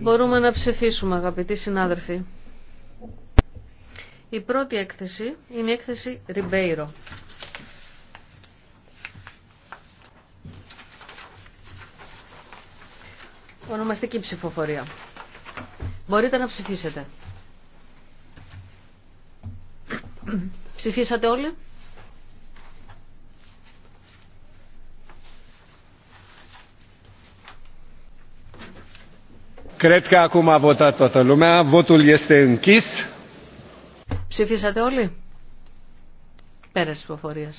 Μπορούμε να ψηφίσουμε, αγαπητοί συνάδελφοι. Η πρώτη έκθεση είναι η έκθεση Ριμπέιρο. Ονομαστική ψηφοφορία. Μπορείτε να ψηφίσετε. Ψηφίσατε όλοι. Cred că acum a votat toată Ψηφίσατε όλοι. τη ψηφοφορία.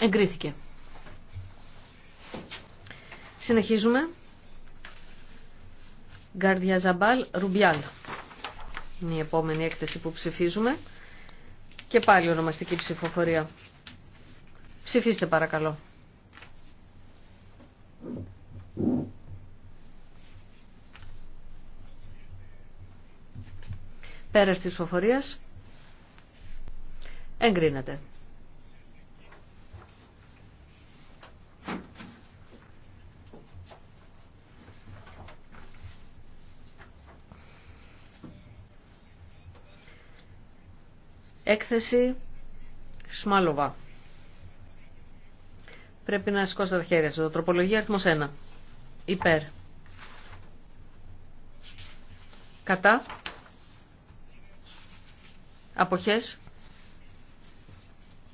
Εγκρίθηκε. Συνεχίζουμε. Γκάρδια Ζαμπάλ Ρουμπιάλ. Είναι η επόμενη έκθεση που ψηφίζουμε. Και πάλι ονομαστική ψηφοφορία. Ψηφίστε παρακαλώ. Πέρας της ψηφοφορίας εγκρίνεται. Έκθεση Σμάλοβα. Πρέπει να σηκώσετε τα χέρια σας. Τροπολογία αριθμός 1. Υπέρ. Κατά. Αποχές.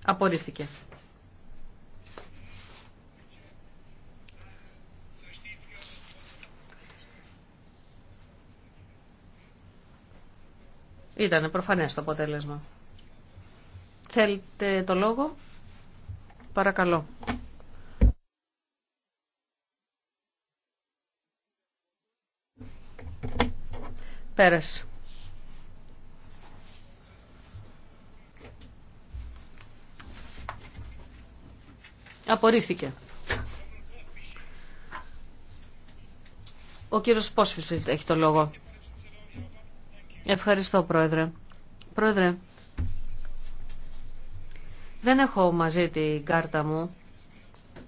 Απορρίφθηκε. Ήτανε προφανές το αποτέλεσμα. Θέλετε το λόγο. Παρακαλώ. Πέρασε. Απορρίφθηκε. Ο κύριος Πόσφης έχει το λόγο. Ευχαριστώ, Πρόεδρε. Πρόεδρε, δεν έχω μαζί την κάρτα μου.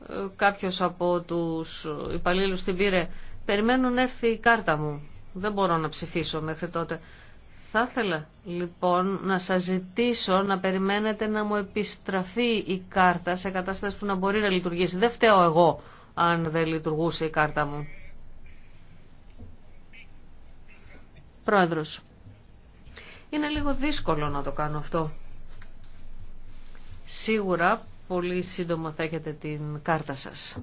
Ε, κάποιος από τους υπαλλήλους την πήρε. Περιμένουν έρθει η κάρτα μου. Δεν μπορώ να ψηφίσω μέχρι τότε. Θα ήθελα λοιπόν να σας ζητήσω να περιμένετε να μου επιστραφεί η κάρτα σε κατάσταση που να μπορεί να λειτουργήσει. Δεν φταίω εγώ αν δεν λειτουργούσε η κάρτα μου. Πρόεδρος, είναι λίγο δύσκολο να το κάνω αυτό. Σίγουρα πολύ σύντομα θα έχετε την κάρτα σας.